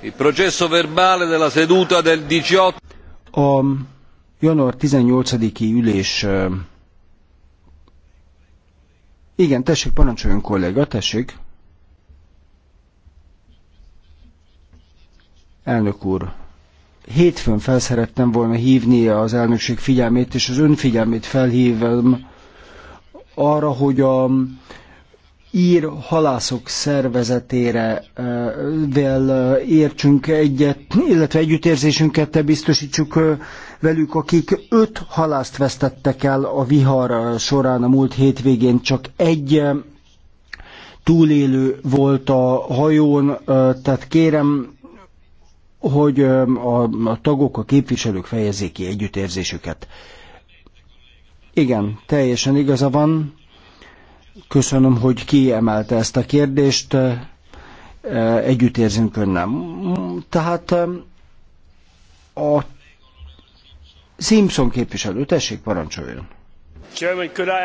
Il processo verbale della seduta del 18 a január 18-i ülés eh, igen, tessék, parancsoljon kolléga, tessék. Elnök úr, hétfőn felszerettem volna hívni az elnökség figyelmét, és az ön figyelmét felhívem arra, hogy a ír halászok szervezetére vel értsünk egyet, illetve együttérzésünket biztosítsuk velük, akik öt halászt vesztettek el a vihar során a múlt hétvégén, csak egy túlélő volt a hajón, tehát kérem, hogy a, a tagok, a képviselők fejezzék ki együttérzésüket. Igen, teljesen igaza van. Köszönöm, hogy kiemelte ezt a kérdést. Együtt érzünk Tehát a Simpson képviselő, tessék, parancsoljon.